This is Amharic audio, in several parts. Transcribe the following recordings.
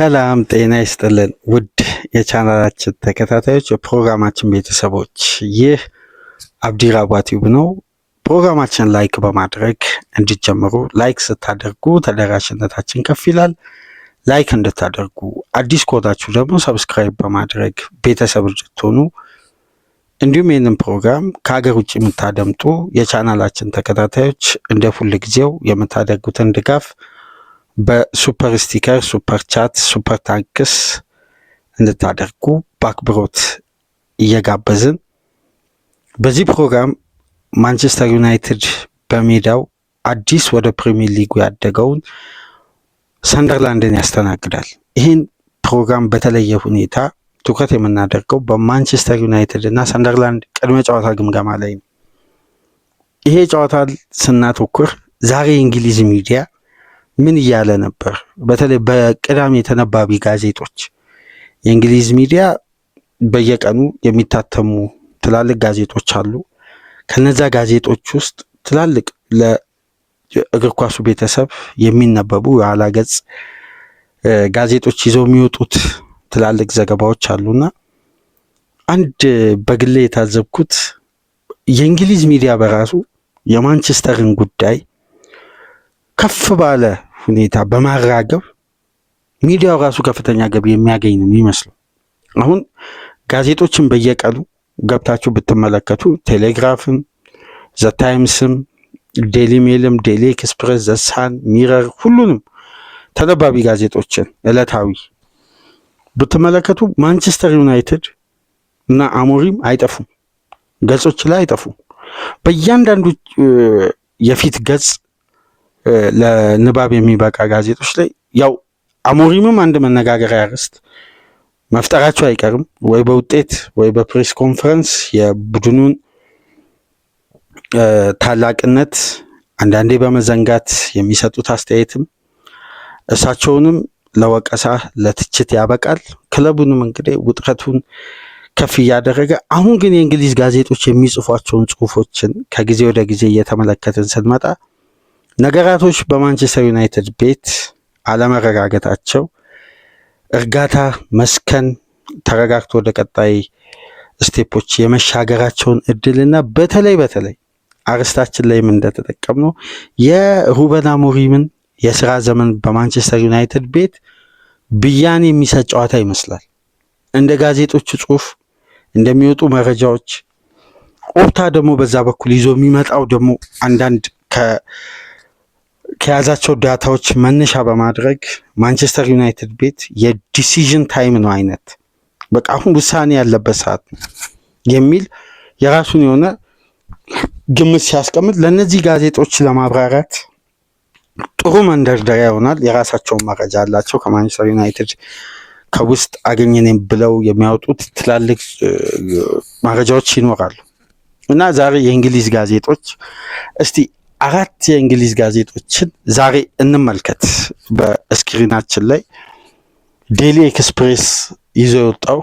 ሰላም ጤና ይስጥልን ውድ የቻናላችን ተከታታዮች፣ የፕሮግራማችን ቤተሰቦች ይህ አብዲራዋ ቲዩብ ነው። ፕሮግራማችን ላይክ በማድረግ እንዲጀምሩ፣ ላይክ ስታደርጉ ተደራሽነታችን ከፍ ይላል። ላይክ እንድታደርጉ፣ አዲስ ከሆናችሁ ደግሞ ሰብስክራይብ በማድረግ ቤተሰብ እንድትሆኑ እንዲሁም ይህንን ፕሮግራም ከሀገር ውጭ የምታደምጡ የቻናላችን ተከታታዮች እንደ ሁል ጊዜው የምታደርጉትን ድጋፍ በሱፐር ስቲከር፣ ሱፐር ቻት፣ ሱፐር ታንክስ እንድታደርጉ በአክብሮት እየጋበዝን በዚህ ፕሮግራም ማንቸስተር ዩናይትድ በሜዳው አዲስ ወደ ፕሪሚየር ሊጉ ያደገውን ሰንደርላንድን ያስተናግዳል። ይህን ፕሮግራም በተለየ ሁኔታ ትኩረት የምናደርገው በማንቸስተር ዩናይትድ እና ሰንደርላንድ ቅድመ ጨዋታ ግምገማ ላይ ነው። ይሄ ጨዋታ ስናተኩር ዛሬ የእንግሊዝ ሚዲያ ምን እያለ ነበር? በተለይ በቅዳሜ ተነባቢ ጋዜጦች የእንግሊዝ ሚዲያ በየቀኑ የሚታተሙ ትላልቅ ጋዜጦች አሉ። ከነዛ ጋዜጦች ውስጥ ትላልቅ ለእግር ኳሱ ቤተሰብ የሚነበቡ የኋላ ገጽ ጋዜጦች ይዘው የሚወጡት ትላልቅ ዘገባዎች አሉና አንድ በግሌ የታዘብኩት የእንግሊዝ ሚዲያ በራሱ የማንቸስተርን ጉዳይ ከፍ ባለ ሁኔታ በማራገብ ሚዲያው ራሱ ከፍተኛ ገቢ የሚያገኝ ነው የሚመስለው። አሁን ጋዜጦችን በየቀኑ ገብታችሁ ብትመለከቱ ቴሌግራፍም፣ ዘታይምስም፣ ዴሊ ሜልም፣ ዴሊ ኤክስፕሬስ፣ ዘሳን፣ ሚረር ሁሉንም ተነባቢ ጋዜጦችን እለታዊ ብትመለከቱ ማንቸስተር ዩናይትድ እና አሞሪም አይጠፉም፣ ገጾች ላይ አይጠፉም። በእያንዳንዱ የፊት ገጽ ለንባብ የሚበቃ ጋዜጦች ላይ ያው አሞሪምም አንድ መነጋገሪያ ርዕስት መፍጠራቸው አይቀርም ወይ በውጤት ወይ በፕሬስ ኮንፈረንስ የቡድኑን ታላቅነት አንዳንዴ በመዘንጋት የሚሰጡት አስተያየትም እሳቸውንም ለወቀሳ ለትችት ያበቃል። ክለቡንም እንግዲህ ውጥረቱን ከፍ እያደረገ አሁን ግን የእንግሊዝ ጋዜጦች የሚጽፏቸውን ጽሁፎችን ከጊዜ ወደ ጊዜ እየተመለከትን ስንመጣ ነገራቶች በማንቸስተር ዩናይትድ ቤት አለመረጋገጣቸው እርጋታ መስከን ተረጋግቶ ወደ ቀጣይ ስቴፖች የመሻገራቸውን እድልና በተለይ በተለይ አርስታችን ላይም እንደተጠቀምነው የሩበን አሞሪምን የስራ ዘመን በማንቸስተር ዩናይትድ ቤት ብያን የሚሰጥ ጨዋታ ይመስላል። እንደ ጋዜጦች ጽሁፍ እንደሚወጡ መረጃዎች ኦፕታ ደግሞ በዛ በኩል ይዞ የሚመጣው ደግሞ አንዳንድ ከያዛቸው ዳታዎች መነሻ በማድረግ ማንቸስተር ዩናይትድ ቤት የዲሲዥን ታይም ነው አይነት በቃ አሁን ውሳኔ ያለበት ሰዓት ነው የሚል የራሱን የሆነ ግምት ሲያስቀምጥ ለእነዚህ ጋዜጦች ለማብራራት ጥሩ መንደርደሪያ ይሆናል። የራሳቸውን መረጃ አላቸው ከማንቸስተር ዩናይትድ ከውስጥ አገኘን ብለው የሚያወጡት ትላልቅ መረጃዎች ይኖራሉ እና ዛሬ የእንግሊዝ ጋዜጦች እስቲ አራት የእንግሊዝ ጋዜጦችን ዛሬ እንመልከት። በስክሪናችን ላይ ዴሊ ኤክስፕሬስ ይዞ የወጣው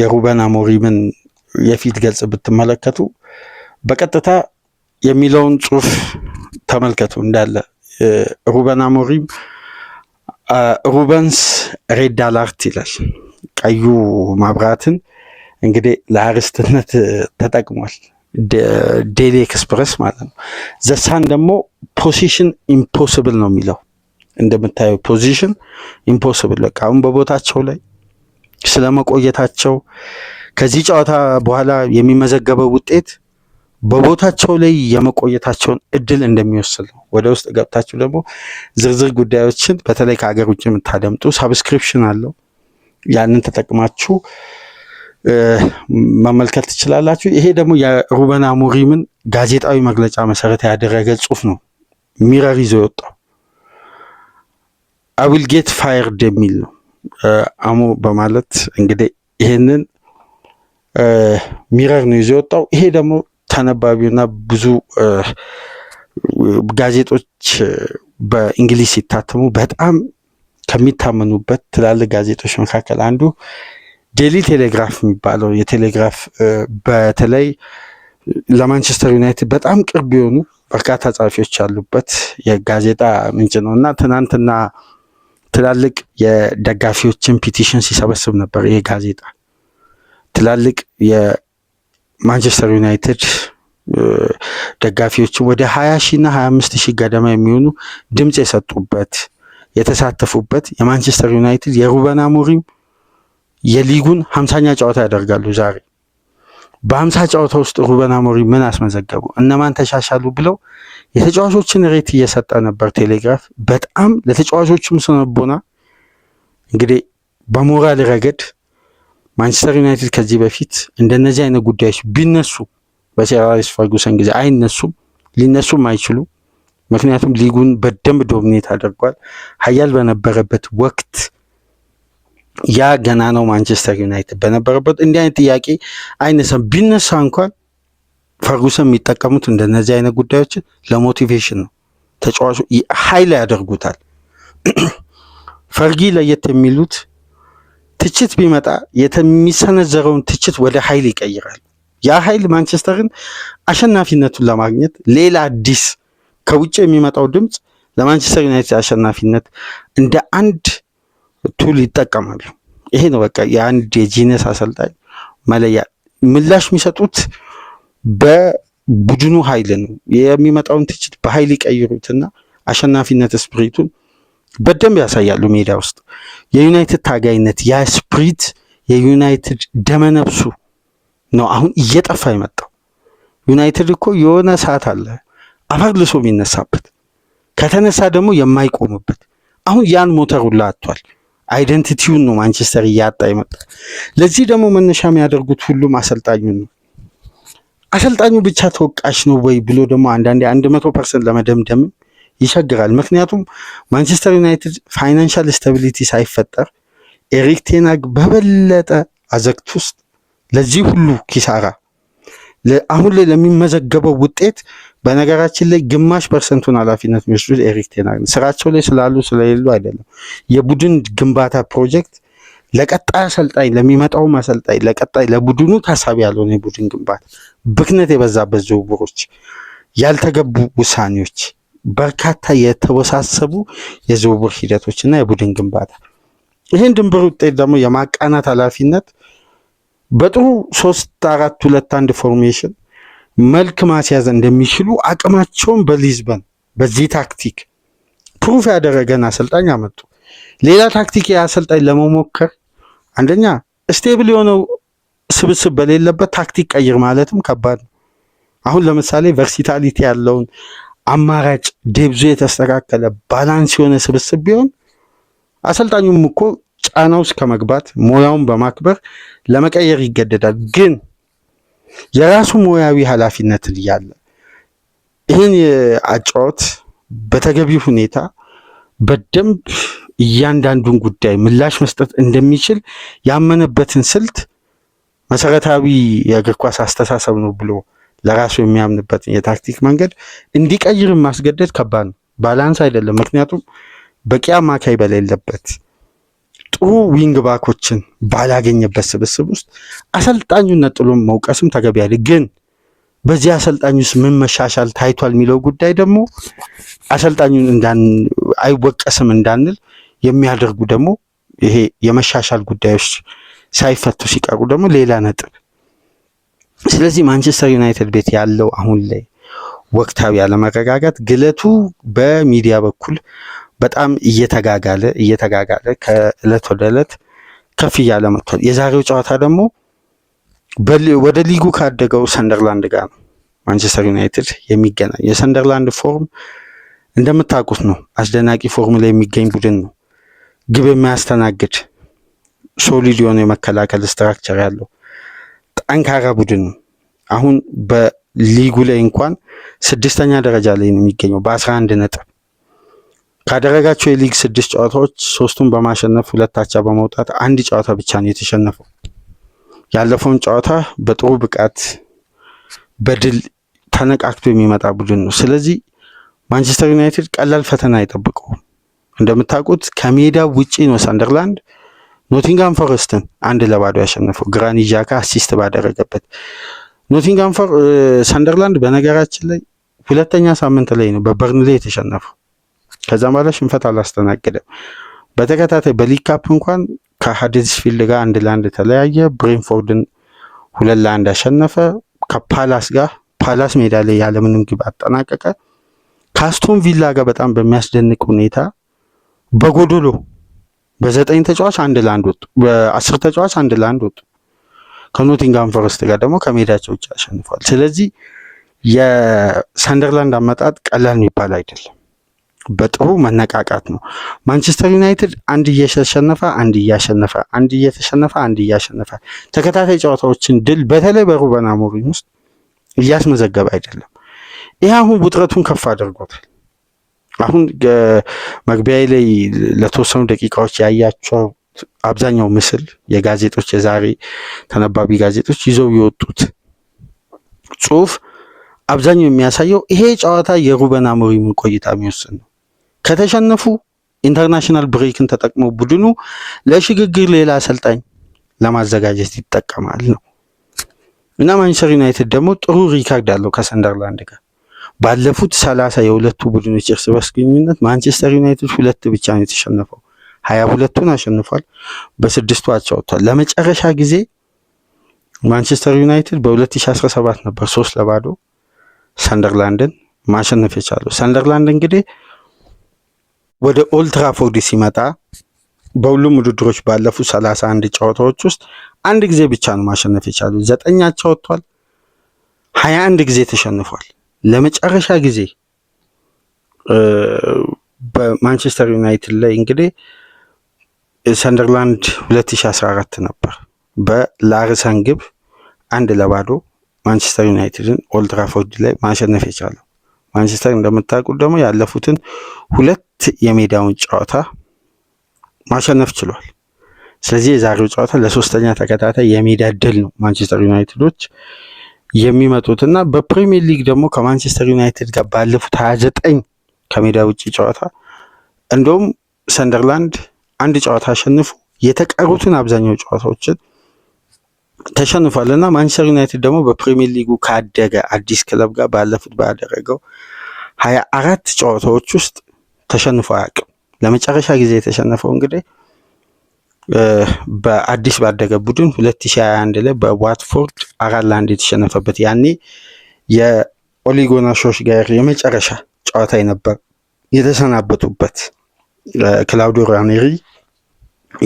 የሩበን አሞሪምን የፊት ገጽ ብትመለከቱ በቀጥታ የሚለውን ጽሑፍ ተመልከቱ። እንዳለ ሩበን አሞሪም ሩበንስ ሬድ አላርት ይላል። ቀዩ ማብራትን እንግዲህ ለአርዕስትነት ተጠቅሟል። ዴሊ ኤክስፕረስ ማለት ነው። ዘሳን ደግሞ ፖዚሽን ኢምፖስብል ነው የሚለው እንደምታየው ፖዚሽን ኢምፖስብል በቃ አሁን በቦታቸው ላይ ስለመቆየታቸው ከዚህ ጨዋታ በኋላ የሚመዘገበው ውጤት በቦታቸው ላይ የመቆየታቸውን እድል እንደሚወስድ ነው። ወደ ውስጥ ገብታችሁ ደግሞ ዝርዝር ጉዳዮችን በተለይ ከሀገር ውጭ የምታደምጡ ሳብስክሪፕሽን አለው። ያንን ተጠቅማችሁ መመልከት ትችላላችሁ። ይሄ ደግሞ የሩበን አሞሪምን ጋዜጣዊ መግለጫ መሰረት ያደረገ ጽሁፍ ነው። ሚረር ይዞ የወጣው አዊል ጌት ፋየርድ የሚል ነው። አሞ በማለት እንግዲህ ይሄንን ሚረር ነው ይዞ የወጣው። ይሄ ደግሞ ተነባቢውና ብዙ ጋዜጦች በእንግሊዝ ሲታተሙ በጣም ከሚታመኑበት ትላልቅ ጋዜጦች መካከል አንዱ ዴሊ ቴሌግራፍ የሚባለው የቴሌግራፍ በተለይ ለማንቸስተር ዩናይትድ በጣም ቅርብ የሆኑ በርካታ ጸሐፊዎች ያሉበት የጋዜጣ ምንጭ ነው እና ትናንትና ትላልቅ የደጋፊዎችን ፒቲሽን ሲሰበስብ ነበር። ይህ ጋዜጣ ትላልቅ የማንቸስተር ዩናይትድ ደጋፊዎችን ወደ ሀያ ሺህ እና ሀያ አምስት ሺህ ገደማ የሚሆኑ ድምፅ የሰጡበት የተሳተፉበት የማንቸስተር ዩናይትድ የሩበን አሞሪም የሊጉን ሀምሳኛ ጨዋታ ያደርጋሉ ዛሬ። በሀምሳ ጨዋታ ውስጥ ሩበን አሞሪም ምን አስመዘገቡ፣ እነማን ተሻሻሉ ብለው የተጫዋቾችን ሬት እየሰጠ ነበር ቴሌግራፍ። በጣም ለተጫዋቾችም ስነቦና እንግዲህ በሞራል ረገድ ማንቸስተር ዩናይትድ ከዚህ በፊት እንደነዚህ አይነት ጉዳዮች ቢነሱ በሰር አሌክስ ፈርጉሰን ጊዜ አይነሱም፣ ሊነሱም አይችሉ። ምክንያቱም ሊጉን በደንብ ዶሚኔት አድርጓል ሀያል በነበረበት ወቅት ያ ገና ነው ማንቸስተር ዩናይትድ በነበረበት እንዲህ አይነት ጥያቄ አይነሳም። ቢነሳ እንኳን ፈርጉሰን የሚጠቀሙት እንደነዚህ አይነት ጉዳዮችን ለሞቲቬሽን ነው። ተጫዋቹ ሀይል ያደርጉታል። ፈርጊ ለየት የሚሉት ትችት ቢመጣ የሚሰነዘረውን ትችት ወደ ሀይል ይቀይራል። ያ ሀይል ማንቸስተርን አሸናፊነቱን ለማግኘት ሌላ አዲስ ከውጭ የሚመጣው ድምፅ ለማንቸስተር ዩናይትድ አሸናፊነት እንደ አንድ ቱል ይጠቀማሉ። ይሄ ነው በቃ የአንድ የጂነስ አሰልጣኝ መለያ። ምላሽ የሚሰጡት በቡድኑ ኃይል ነው። የሚመጣውን ትችት በኃይል ይቀይሩትና አሸናፊነት ስፕሪቱን በደንብ ያሳያሉ ሜዳ ውስጥ። የዩናይትድ ታጋይነት ያ ስፕሪት የዩናይትድ ደመነብሱ ነው አሁን እየጠፋ የመጣው። ዩናይትድ እኮ የሆነ ሰዓት አለ አፈርልሶ የሚነሳበት ከተነሳ ደግሞ የማይቆምበት አሁን ያን ሞተሩላ አጥቷል። አይደንቲቲውን ነው ማንቸስተር እያጣ ይመጣ። ለዚህ ደግሞ መነሻ የሚያደርጉት ሁሉም አሰልጣኙ ነው። አሰልጣኙ ብቻ ተወቃሽ ነው ወይ ብሎ ደግሞ አንዳንዴ አንድ መቶ ፐርሰንት ለመደምደም ይቸግራል። ምክንያቱም ማንቸስተር ዩናይትድ ፋይናንሻል ስታቢሊቲ ሳይፈጠር ኤሪክ ቴናግ በበለጠ አዘግት ውስጥ ለዚህ ሁሉ ኪሳራ አሁን ላይ ለሚመዘገበው ውጤት በነገራችን ላይ ግማሽ ፐርሰንቱን ኃላፊነት የሚወስዱት ኤሪክ ቴናግ ስራቸው ላይ ስላሉ ስለሌሉ አይደለም። የቡድን ግንባታ ፕሮጀክት ለቀጣይ አሰልጣኝ ለሚመጣውም አሰልጣኝ ለቀጣይ ለቡድኑ ታሳቢ ያልሆነ የቡድን ግንባታ፣ ብክነት የበዛበት ዝውውሮች፣ ያልተገቡ ውሳኔዎች፣ በርካታ የተወሳሰቡ የዝውውር ሂደቶች እና የቡድን ግንባታ ይህን ድንብር ውጤት ደግሞ የማቃናት ኃላፊነት በጥሩ ሶስት አራት ሁለት አንድ ፎርሜሽን መልክ ማስያዝ እንደሚችሉ አቅማቸውን በሊዝበን በዚህ ታክቲክ ፕሩፍ ያደረገን አሰልጣኝ አመጡ። ሌላ ታክቲክ የአሰልጣኝ ለመሞከር አንደኛ ስቴብል የሆነው ስብስብ በሌለበት ታክቲክ ቀይር ማለትም ከባድ ነው። አሁን ለምሳሌ ቨርሲታሊቲ ያለውን አማራጭ ደብዞ የተስተካከለ ባላንስ የሆነ ስብስብ ቢሆን አሰልጣኙም እኮ ጫና ውስጥ ከመግባት ሙያውን በማክበር ለመቀየር ይገደዳል ግን የራሱ ሙያዊ ኃላፊነት እያለ ይህን አጫወት በተገቢ ሁኔታ በደንብ እያንዳንዱን ጉዳይ ምላሽ መስጠት እንደሚችል ያመነበትን ስልት መሰረታዊ የእግር ኳስ አስተሳሰብ ነው ብሎ ለራሱ የሚያምንበትን የታክቲክ መንገድ እንዲቀይር ማስገደድ ከባድ ነው። ባላንስ አይደለም። ምክንያቱም በቂ አማካይ በሌለበት ጥሩ ዊንግ ባኮችን ባላገኘበት ስብስብ ውስጥ አሰልጣኙን ነጥሎ መውቀስም ተገቢ ግን በዚህ አሰልጣኝ ውስጥ ምን መሻሻል ታይቷል የሚለው ጉዳይ ደግሞ አሰልጣኙን አይወቀስም እንዳንል የሚያደርጉ ደግሞ ይሄ የመሻሻል ጉዳዮች ሳይፈቱ ሲቀሩ ደግሞ ሌላ ነጥብ። ስለዚህ ማንቸስተር ዩናይትድ ቤት ያለው አሁን ላይ ወቅታዊ አለመረጋጋት ግለቱ በሚዲያ በኩል በጣም እየተጋጋለ እየተጋጋለ ከእለት ወደ እለት ከፍ እያለ መጥቷል። የዛሬው ጨዋታ ደግሞ ወደ ሊጉ ካደገው ሰንደርላንድ ጋር ነው ማንቸስተር ዩናይትድ የሚገናኝ። የሰንደርላንድ ፎርም እንደምታውቁት ነው፣ አስደናቂ ፎርም ላይ የሚገኝ ቡድን ነው። ግብ የሚያስተናግድ ሶሊድ የሆነ የመከላከል ስትራክቸር ያለው ጠንካራ ቡድን ነው። አሁን በሊጉ ላይ እንኳን ስድስተኛ ደረጃ ላይ ነው የሚገኘው በአስራ አንድ ነጥብ ካደረጋቸው የሊግ ስድስት ጨዋታዎች ሶስቱን በማሸነፍ ሁለት አቻ በመውጣት አንድ ጨዋታ ብቻ ነው የተሸነፈው። ያለፈውን ጨዋታ በጥሩ ብቃት በድል ተነቃክቶ የሚመጣ ቡድን ነው። ስለዚህ ማንቸስተር ዩናይትድ ቀላል ፈተና አይጠብቀውም። እንደምታውቁት ከሜዳ ውጪ ነው ሰንደርላንድ ኖቲንጋም ፎረስትን አንድ ለባዶ ያሸነፈው ግራኒት ዣካ አሲስት ባደረገበት። ኖቲንጋም ሳንደርላንድ በነገራችን ላይ ሁለተኛ ሳምንት ላይ ነው በበርንሌ የተሸነፈው። ከዛ በኋላ ሽንፈት አላስተናገደም። በተከታታይ በሊካፕ እንኳን ከሃዲስፊልድ ጋር አንድ ለአንድ ተለያየ። ብሬንፎርድን ሁለት ለአንድ አሸነፈ። ከፓላስ ጋር ፓላስ ሜዳ ላይ ያለምንም ግብ አጠናቀቀ። ከአስቶን ቪላ ጋር በጣም በሚያስደንቅ ሁኔታ በጎዶሎ በዘጠኝ ተጫዋች አንድ ለአንድ ወጡ። በአስር ተጫዋች አንድ ለአንድ ወጡ። ከኖቲንጋም ፎረስት ጋር ደግሞ ከሜዳቸው ውጭ አሸንፏል። ስለዚህ የሰንደርላንድ አመጣጥ ቀላል የሚባል አይደለም። በጥሩ መነቃቃት ነው። ማንቸስተር ዩናይትድ አንድ እየተሸነፈ አንድ እያሸነፈ አንድ እየተሸነፈ አንድ እያሸነፈ ተከታታይ ጨዋታዎችን ድል በተለይ በሩበን አሞሪም ውስጥ እያስመዘገበ አይደለም። ይህ አሁን ውጥረቱን ከፍ አድርጎታል። አሁን መግቢያ ላይ ለተወሰኑ ደቂቃዎች ያያቸው አብዛኛው ምስል የጋዜጦች የዛሬ ተነባቢ ጋዜጦች ይዘው የወጡት ጽሁፍ አብዛኛው የሚያሳየው ይሄ ጨዋታ የሩበን አሞሪምን ቆይታ የሚወስን ነው። ከተሸነፉ ኢንተርናሽናል ብሬክን ተጠቅሞ ቡድኑ ለሽግግር ሌላ አሰልጣኝ ለማዘጋጀት ይጠቀማል ነው እና ማንቸስተር ዩናይትድ ደግሞ ጥሩ ሪካርድ አለው ከሰንደርላንድ ጋር ባለፉት ሰላሳ የሁለቱ ቡድኖች እርስ በርስ ግንኙነት ማንቸስተር ዩናይትድ ሁለት ብቻ ነው የተሸነፈው። ሀያ ሁለቱን አሸንፏል፣ በስድስቱ አቻ ወጥቷል። ለመጨረሻ ጊዜ ማንቸስተር ዩናይትድ በ2017 ነበር ሶስት ለባዶ ሰንደርላንድን ማሸነፍ የቻለው። ሰንደርላንድ እንግዲህ ወደ ኦልትራፎርድ ሲመጣ በሁሉም ውድድሮች ባለፉ ሰላሳ ጨዋታዎች ውስጥ አንድ ጊዜ ብቻ ነው ማሸነፍ የቻሉ። ዘጠኝ አቻ ወጥቷል። ሀያ አንድ ጊዜ ተሸንፏል። ለመጨረሻ ጊዜ በማንቸስተር ዩናይትድ ላይ እንግዲህ ሰንደርላንድ 2014 ነበር። በላርሰን ግብ አንድ ለባዶ ማንቸስተር ዩናይትድን ኦልትራፎርድ ላይ ማሸነፍ የቻለው። ማንቸስተር እንደምታውቁት ደግሞ ያለፉትን ሁለት የሜዳውን ጨዋታ ማሸነፍ ችሏል። ስለዚህ የዛሬው ጨዋታ ለሶስተኛ ተከታታይ የሜዳ ድል ነው ማንቸስተር ዩናይትዶች የሚመጡት እና በፕሪሚየር ሊግ ደግሞ ከማንቸስተር ዩናይትድ ጋር ባለፉት ሀያ ዘጠኝ ከሜዳ ውጭ ጨዋታ እንደውም ሰንደርላንድ አንድ ጨዋታ አሸንፉ የተቀሩትን አብዛኛው ጨዋታዎችን ተሸንፏል እና ማንቸስተር ዩናይትድ ደግሞ በፕሪሚየር ሊጉ ካደገ አዲስ ክለብ ጋር ባለፉት ባደረገው ሀያ አራት ጨዋታዎች ውስጥ ተሸንፎ አያውቅም። ለመጨረሻ ጊዜ የተሸነፈው እንግዲህ በአዲስ ባደገ ቡድን 2021 ላይ በዋትፎርድ አራት ለአንድ የተሸነፈበት ያኔ የኦሊጎናሾች ጋር የመጨረሻ ጨዋታ ነበር የተሰናበቱበት። ክላውዲዮ ራኔሪ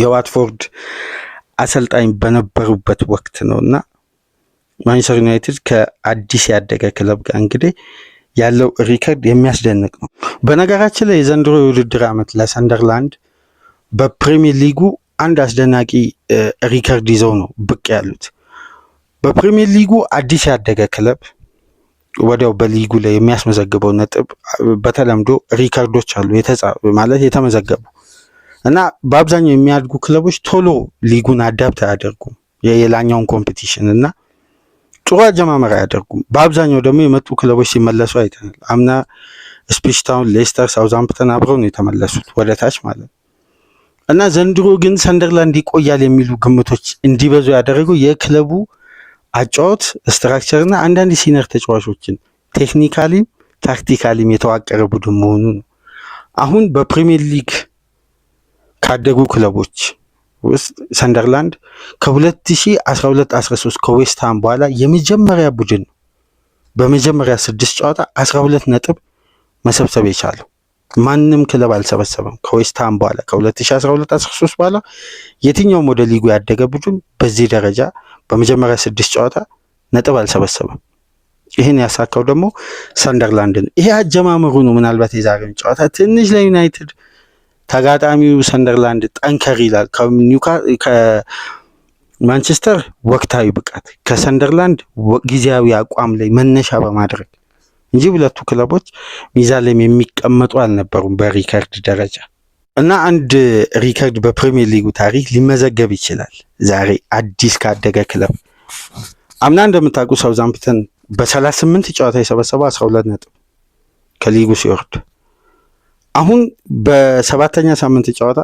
የዋትፎርድ አሰልጣኝ በነበሩበት ወቅት ነው እና ማንቸስተር ዩናይትድ ከአዲስ ያደገ ክለብ ጋር እንግዲህ ያለው ሪከርድ የሚያስደንቅ ነው። በነገራችን ላይ የዘንድሮ የውድድር ዓመት ለሰንደርላንድ በፕሪሚየር ሊጉ አንድ አስደናቂ ሪከርድ ይዘው ነው ብቅ ያሉት። በፕሪሚየር ሊጉ አዲስ ያደገ ክለብ ወዲያው በሊጉ ላይ የሚያስመዘግበው ነጥብ በተለምዶ ሪከርዶች አሉ ማለት የተመዘገቡ እና በአብዛኛው የሚያድጉ ክለቦች ቶሎ ሊጉን አዳብት አያደርጉም የላኛውን ኮምፒቲሽን እና ጥሩ አጀማመር አያደርጉም። በአብዛኛው ደግሞ የመጡ ክለቦች ሲመለሱ አይተናል። አምና ስፒሽ ሌስተር፣ ሳውዛምፕተን አብረው ነው የተመለሱት ወደ ታች ማለት ነው እና ዘንድሮ ግን ሰንደርላንድ ይቆያል የሚሉ ግምቶች እንዲበዙ ያደረገው የክለቡ አጫወት ስትራክቸር እና አንዳንድ ሲነር ተጫዋቾችን ቴክኒካሊም ታክቲካሊም የተዋቀረ ቡድን መሆኑ ነው። አሁን በፕሪሚየር ሊግ ካደጉ ክለቦች ውስጥ ሰንደርላንድ ከ2012-13 ከዌስትሃም በኋላ የመጀመሪያ ቡድን ነው በመጀመሪያ ስድስት ጨዋታ 12 ነጥብ መሰብሰብ የቻለው ማንም ክለብ አልሰበሰበም። ከዌስትሃም በኋላ ከ2012-13 በኋላ የትኛውም ወደ ሊጉ ያደገ ቡድን በዚህ ደረጃ በመጀመሪያ ስድስት ጨዋታ ነጥብ አልሰበሰበም። ይህን ያሳካው ደግሞ ሰንደርላንድ ነው። ይሄ አጀማመሩ ነው። ምናልባት የዛሬውን ጨዋታ ትንሽ ለዩናይትድ ተጋጣሚው ሰንደርላንድ ጠንከር ይላል። ከማንቸስተር ወቅታዊ ብቃት ከሰንደርላንድ ጊዜያዊ አቋም ላይ መነሻ በማድረግ እንጂ ሁለቱ ክለቦች ሚዛን ላይ የሚቀመጡ አልነበሩም በሪከርድ ደረጃ እና አንድ ሪከርድ በፕሪሚየር ሊጉ ታሪክ ሊመዘገብ ይችላል። ዛሬ አዲስ ካደገ ክለብ አምና እንደምታውቁ ሳውዛምፕተን በ38 ጨዋታ የሰበሰበው 12 ነጥብ ከሊጉ ሲወርድ አሁን በሰባተኛ ሳምንት ጨዋታ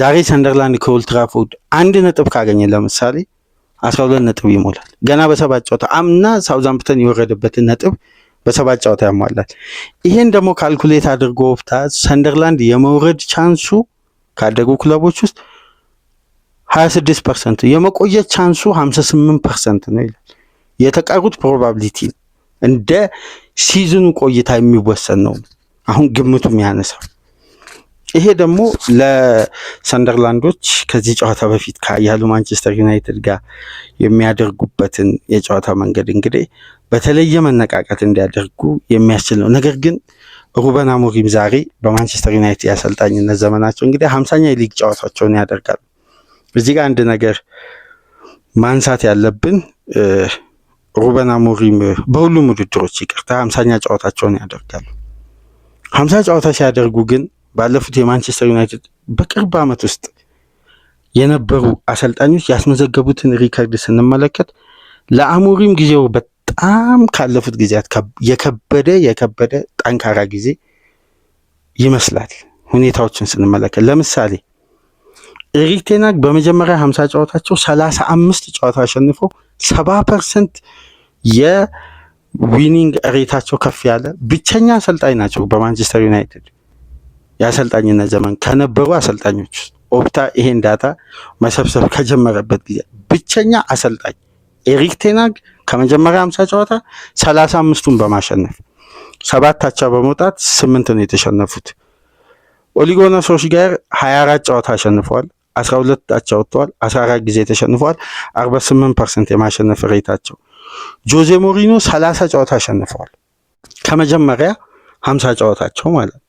ዛሬ ሰንደርላንድ ከኦልትራፎርድ አንድ ነጥብ ካገኘ ለምሳሌ አስራ ሁለት ነጥብ ይሞላል። ገና በሰባት ጨዋታ አምና ሳውዛምፕተን የወረደበትን ነጥብ በሰባት ጨዋታ ያሟላል። ይሄን ደግሞ ካልኩሌት አድርጎ ወፍታ ሰንደርላንድ የመውረድ ቻንሱ ካደጉ ክለቦች ውስጥ 26 ፐርሰንት፣ የመቆየት ቻንሱ 58 ፐርሰንት ነው ይላል። የተቀሩት ፕሮባብሊቲ እንደ ሲዝኑ ቆይታ የሚወሰን ነው። አሁን ግምቱ የሚያነሳው ይሄ ደግሞ ለሰንደርላንዶች ከዚህ ጨዋታ በፊት ከያሉ ማንቸስተር ዩናይትድ ጋር የሚያደርጉበትን የጨዋታ መንገድ እንግዲህ በተለየ መነቃቃት እንዲያደርጉ የሚያስችል ነው። ነገር ግን ሩበን አሞሪም ዛሬ በማንቸስተር ዩናይትድ የአሰልጣኝነት ዘመናቸው እንግዲህ ሀምሳኛ የሊግ ጨዋታቸውን ያደርጋሉ። እዚህ ጋር አንድ ነገር ማንሳት ያለብን ሩበን አሞሪም በሁሉም ውድድሮች ይቅርታ ሀምሳኛ ጨዋታቸውን ያደርጋሉ። ሀምሳ ጨዋታ ሲያደርጉ ግን ባለፉት የማንቸስተር ዩናይትድ በቅርብ ዓመት ውስጥ የነበሩ አሰልጣኞች ያስመዘገቡትን ሪከርድ ስንመለከት ለአሞሪም ጊዜው በጣም ካለፉት ጊዜያት የከበደ የከበደ ጠንካራ ጊዜ ይመስላል ሁኔታዎችን ስንመለከት ለምሳሌ ኤሪክ ቴናግ በመጀመሪያ ሀምሳ ጨዋታቸው ሰላሳ አምስት ጨዋታ አሸንፎ ሰባ ፐርሰንት የ ዊኒንግ ሬታቸው ከፍ ያለ ብቸኛ አሰልጣኝ ናቸው በማንቸስተር ዩናይትድ የአሰልጣኝነት ዘመን ከነበሩ አሰልጣኞች ኦፕታ ይሄን ዳታ መሰብሰብ ከጀመረበት ጊዜ ብቸኛ አሰልጣኝ ኤሪክ ቴናግ ከመጀመሪያ አምሳ ጨዋታ ሰላሳ አምስቱን በማሸነፍ ሰባታቸው በመውጣት ስምንት ነው የተሸነፉት። ኦሊጎና ጋር ሀያ አራት ጨዋታ አሸንፈዋል። አስራ ሁለት አቻ ወጥተዋል። አስራ አራት ጊዜ ተሸንፈዋል። አርባ ስምንት ፐርሰንት የማሸነፍ ሬታቸው ጆዜ ሞሪኖ ሰላሳ ጨዋታ አሸንፈዋል። ከመጀመሪያ ሀምሳ ጨዋታቸው ማለት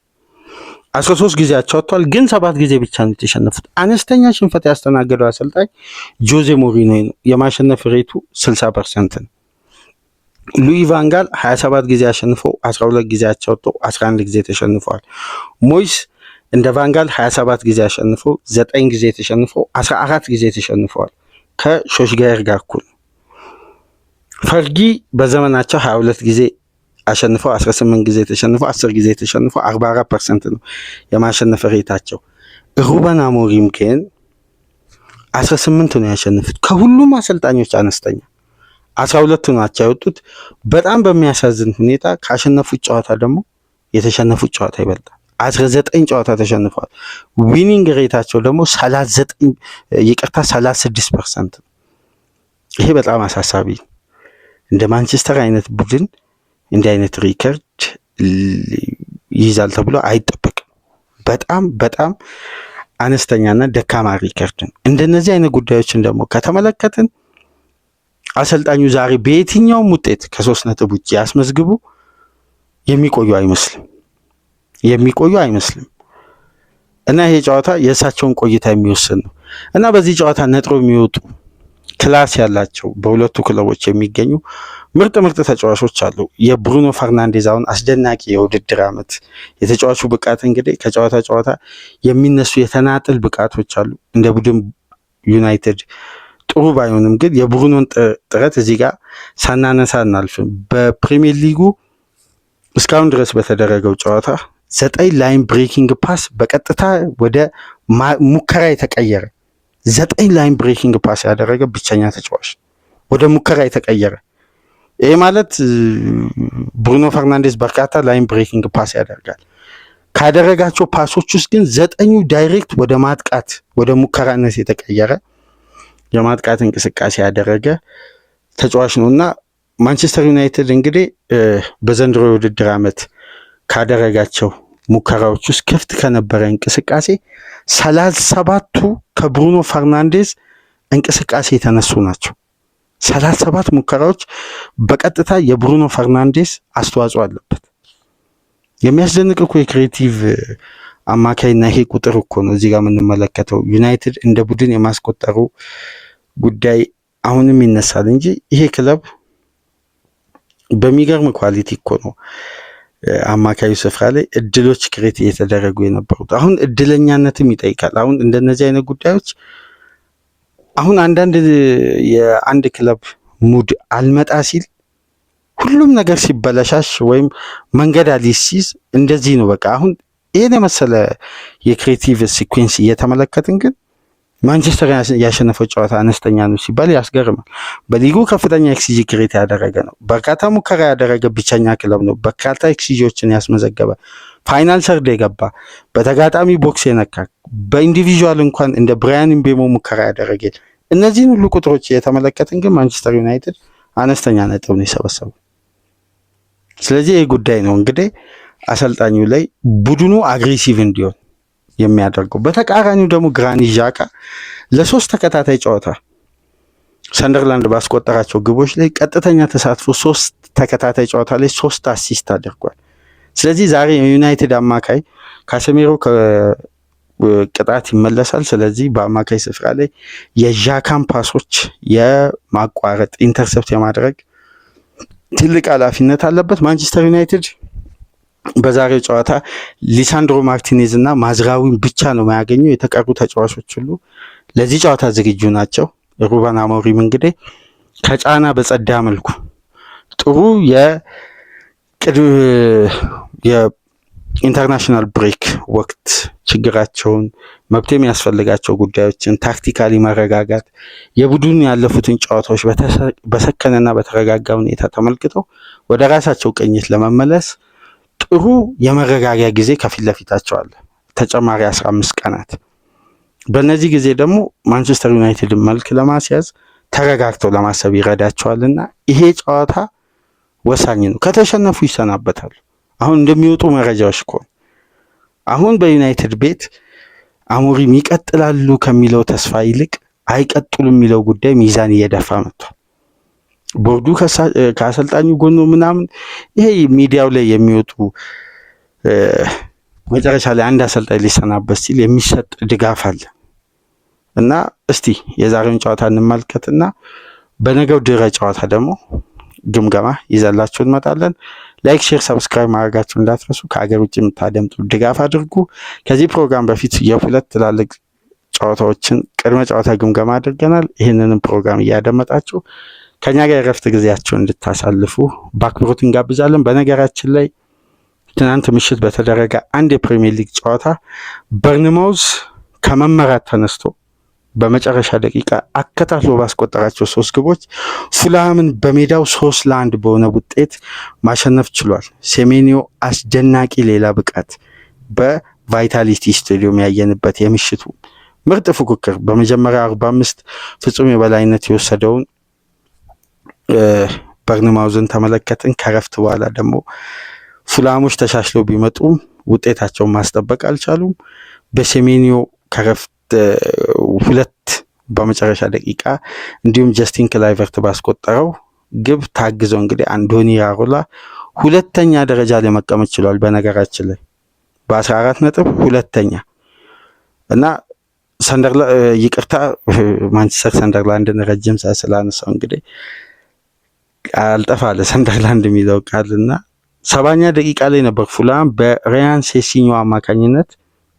13 አስራ ሶስት ግን ሰባት ጊዜ ብቻ ነው የተሸነፉት። አነስተኛ ሽንፈት ያስተናገደው አሰልጣኝ ጆዜ ሞሪኖ ነው። የማሸነፍ ሬቱ 60 ፐርሰንት ነው። ሉዊ ቫንጋል 27 ጊዜ አሸንፎ 12 ጊዜ አቻ 11 ጊዜ ተሸንፈዋል። ሞይስ እንደ ቫንጋል 27 ጊዜ አሸንፈው 9 ጊዜ ተሸንፈው 14 ጊዜ ተሸንፈዋል ከሾሽጋየር ጋር እኩል ፈርጊ በዘመናቸው 22 ጊዜ አሸንፈው 18 ጊዜ ተሸንፈው 10 ጊዜ ተሸንፈው 44 ፐርሰንት ነው የማሸነፍ ሬታቸው። ሩበን አሞሪም ግን 18 ነው ያሸንፉት፣ ከሁሉም አሰልጣኞች አነስተኛ 12 ናቸው ያወጡት። በጣም በሚያሳዝን ሁኔታ ካሸነፉት ጨዋታ ደግሞ የተሸነፉት ጨዋታ ይበልጣል። 19 ጨዋታ ተሸንፈዋል። ዊኒንግ ሬታቸው ደግሞ 39 ይቅርታ 36 ፐርሰንት ነው። ይሄ በጣም አሳሳቢ ነው። እንደ ማንቸስተር አይነት ቡድን እንዲህ አይነት ሪከርድ ይይዛል ተብሎ አይጠበቅም። በጣም በጣም አነስተኛና ደካማ ሪከርድ ነው። እንደነዚህ አይነት ጉዳዮችን ደግሞ ከተመለከትን አሰልጣኙ ዛሬ በየትኛውም ውጤት ከሶስት ነጥብ ውጭ ያስመዝግቡ የሚቆዩ አይመስልም የሚቆዩ አይመስልም እና ይሄ ጨዋታ የእሳቸውን ቆይታ የሚወስን ነው እና በዚህ ጨዋታ ነጥሮ የሚወጡ ክላስ ያላቸው በሁለቱ ክለቦች የሚገኙ ምርጥ ምርጥ ተጫዋቾች አሉ። የብሩኖ ፈርናንዴዝ አሁን አስደናቂ የውድድር ዓመት የተጫዋቹ ብቃት እንግዲህ ከጨዋታ ጨዋታ የሚነሱ የተናጥል ብቃቶች አሉ። እንደ ቡድን ዩናይትድ ጥሩ ባይሆንም ግን የብሩኖን ጥረት እዚህ ጋር ሳናነሳ እናልፍም። በፕሪሚየር ሊጉ እስካሁን ድረስ በተደረገው ጨዋታ ዘጠኝ ላይን ብሬኪንግ ፓስ በቀጥታ ወደ ሙከራ የተቀየረ ዘጠኝ ላይን ብሬኪንግ ፓስ ያደረገ ብቸኛ ተጫዋች ወደ ሙከራ የተቀየረ። ይሄ ማለት ብሩኖ ፈርናንዴዝ በርካታ ላይን ብሬኪንግ ፓስ ያደርጋል። ካደረጋቸው ፓሶች ውስጥ ግን ዘጠኙ ዳይሬክት ወደ ማጥቃት ወደ ሙከራነት የተቀየረ የማጥቃት እንቅስቃሴ ያደረገ ተጫዋች ነው እና ማንቸስተር ዩናይትድ እንግዲህ በዘንድሮ የውድድር ዓመት ካደረጋቸው ሙከራዎች ውስጥ ክፍት ከነበረ እንቅስቃሴ ሰላሳ ሰባቱ ከብሩኖ ፈርናንዴዝ እንቅስቃሴ የተነሱ ናቸው። ሰላሳ ሰባት ሙከራዎች በቀጥታ የብሩኖ ፈርናንዴዝ አስተዋጽኦ አለበት። የሚያስደንቅ እኮ የክሬቲቭ አማካይና ይሄ ቁጥር እኮ ነው እዚህ ጋር የምንመለከተው ዩናይትድ እንደ ቡድን የማስቆጠሩ ጉዳይ አሁንም ይነሳል እንጂ ይሄ ክለብ በሚገርም ኳሊቲ እኮ ነው አማካዩ ስፍራ ላይ እድሎች ክሬት እየተደረጉ የነበሩት አሁን እድለኛነትም ይጠይቃል። አሁን እንደነዚህ አይነት ጉዳዮች አሁን አንዳንድ የአንድ ክለብ ሙድ አልመጣ ሲል ሁሉም ነገር ሲበለሻሽ ወይም መንገድ አሊስ ሲይዝ እንደዚህ ነው። በቃ አሁን ይህን የመሰለ የክሬቲቭ ሲኩዌንስ እየተመለከትን ግን ማንቸስተር ያሸነፈው ጨዋታ አነስተኛ ነው ሲባል ያስገርማል። በሊጉ ከፍተኛ ኤክስጂ ክሬት ያደረገ ነው። በርካታ ሙከራ ያደረገ ብቸኛ ክለብ ነው። በርካታ ኤክስጂዎችን ያስመዘገበ፣ ፋይናል ሰርድ የገባ፣ በተጋጣሚ ቦክስ የነካ፣ በኢንዲቪዥዋል እንኳን እንደ ብራያን ምቤሞ ሙከራ ያደረገ እነዚህን ሁሉ ቁጥሮች የተመለከትን ግን ማንቸስተር ዩናይትድ አነስተኛ ነጥብ ነው የሰበሰቡ። ስለዚህ ይህ ጉዳይ ነው እንግዲህ አሰልጣኙ ላይ ቡድኑ አግሬሲቭ እንዲሆን የሚያደርገው። በተቃራኒው ደግሞ ግራኒት ዣካ ለሶስት ተከታታይ ጨዋታ ሰንደርላንድ ባስቆጠራቸው ግቦች ላይ ቀጥተኛ ተሳትፎ ሶስት ተከታታይ ጨዋታ ላይ ሶስት አሲስት አድርጓል። ስለዚህ ዛሬ የዩናይትድ አማካይ ካሰሜሮ ቅጣት ይመለሳል። ስለዚህ በአማካይ ስፍራ ላይ የዣካን ፓሶች የማቋረጥ ኢንተርሰፕት የማድረግ ትልቅ ኃላፊነት አለበት ማንቸስተር ዩናይትድ። በዛሬው ጨዋታ ሊሳንድሮ ማርቲኔዝ እና ማዝራዊን ብቻ ነው የማያገኘው። የተቀሩ ተጫዋቾች ሁሉ ለዚህ ጨዋታ ዝግጁ ናቸው። ሩበን አሞሪም እንግዲህ ከጫና በጸዳ መልኩ ጥሩ የኢንተርናሽናል ብሬክ ወቅት ችግራቸውን መብት የሚያስፈልጋቸው ጉዳዮችን ታክቲካሊ መረጋጋት የቡድን ያለፉትን ጨዋታዎች በሰከነና በተረጋጋ ሁኔታ ተመልክተው ወደ ራሳቸው ቅኝት ለመመለስ ጥሩ የመረጋጊያ ጊዜ ከፊት ለፊታቸው አለ፣ ተጨማሪ 15 ቀናት። በእነዚህ ጊዜ ደግሞ ማንቸስተር ዩናይትድን መልክ ለማስያዝ ተረጋግተው ለማሰብ ይረዳቸዋልና ይሄ ጨዋታ ወሳኝ ነው። ከተሸነፉ ይሰናበታሉ። አሁን እንደሚወጡ መረጃዎች ከሆነ አሁን በዩናይትድ ቤት አሞሪም ይቀጥላሉ ከሚለው ተስፋ ይልቅ አይቀጥሉ የሚለው ጉዳይ ሚዛን እየደፋ መጥቷል። ቦርዱ ከአሰልጣኙ ጎኖ ምናምን ይሄ ሚዲያው ላይ የሚወጡ መጨረሻ ላይ አንድ አሰልጣኝ ሊሰናበት ሲል የሚሰጥ ድጋፍ አለ እና እስቲ የዛሬውን ጨዋታ እንመልከትና በነገው ድረ ጨዋታ ደግሞ ግምገማ ይዘላችሁ እንመጣለን። ላይክ፣ ሼር፣ ሰብስክራይብ ማድረጋችሁ እንዳትረሱ። ከሀገር ውጭ የምታደምጡ ድጋፍ አድርጉ። ከዚህ ፕሮግራም በፊት የሁለት ትላልቅ ጨዋታዎችን ቅድመ ጨዋታ ግምገማ አድርገናል። ይህንንም ፕሮግራም እያደመጣችሁ ከኛ ጋር የረፍት ጊዜያቸው እንድታሳልፉ በአክብሮት እንጋብዛለን። በነገራችን ላይ ትናንት ምሽት በተደረገ አንድ የፕሪሚየር ሊግ ጨዋታ በርንማውዝ ከመመራት ተነስቶ በመጨረሻ ደቂቃ አከታትሎ ባስቆጠራቸው ሶስት ግቦች ፉላምን በሜዳው ሶስት ለአንድ በሆነ ውጤት ማሸነፍ ችሏል። ሴሜኒዮ አስደናቂ ሌላ ብቃት በቫይታሊቲ ስቴዲየም ያየንበት የምሽቱ ምርጥ ፉክክር በመጀመሪያ አምስት ፍጹም የበላይነት የወሰደውን በርንማውዝን ተመለከትን። ከረፍት በኋላ ደግሞ ፉላሞች ተሻሽለው ቢመጡም ውጤታቸውን ማስጠበቅ አልቻሉም። በሴሜኒዮ ከረፍት ሁለት በመጨረሻ ደቂቃ እንዲሁም ጀስቲን ክላይቨርት ባስቆጠረው ግብ ታግዘው እንግዲህ አንዶኒ ራሮላ ሁለተኛ ደረጃ ላይ መቀመጥ ችሏል። በነገራችን ላይ በ14 ነጥብ ሁለተኛ እና ሰንደርላ ይቅርታ ማንቸስተር ሰንደርላንድን ረጅም ሰዓት ስላነሳው እንግዲህ አልጠፋ አለ ሰንደርላንድ የሚለው ቃል እና ሰባኛ ደቂቃ ላይ ነበር ፉላም በሪያን ሴሲኞ አማካኝነት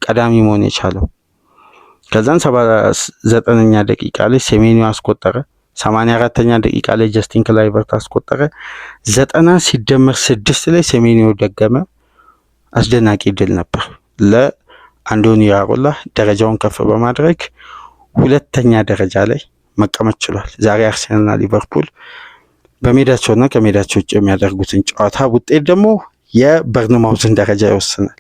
ቀዳሚ መሆን የቻለው። ከዛን ሰባ ዘጠነኛ ደቂቃ ላይ ሴሜኒ አስቆጠረ። ሰማንያ አራተኛ ደቂቃ ላይ ጀስቲን ክላይቨርት አስቆጠረ። ዘጠና ሲደመር ስድስት ላይ ሴሜኒዮ ደገመ። አስደናቂ ድል ነበር ለአንዶኒ ያሮላ ደረጃውን ከፍ በማድረግ ሁለተኛ ደረጃ ላይ መቀመጥ ችሏል። ዛሬ አርሴናልና ሊቨርፑል በሜዳቸውና ከሜዳቸው ውጭ የሚያደርጉትን ጨዋታ ውጤት ደግሞ የበርንማውዝን ደረጃ ይወስናል።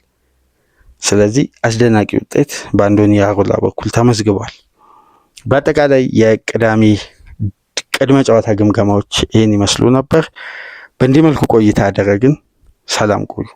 ስለዚህ አስደናቂ ውጤት በአንዶኒ አሮላ በኩል ተመዝግቧል። በአጠቃላይ የቅዳሜ ቅድመ ጨዋታ ግምገማዎች ይህን ይመስሉ ነበር። በእንዲህ መልኩ ቆይታ ያደረግን። ሰላም ቆዩ።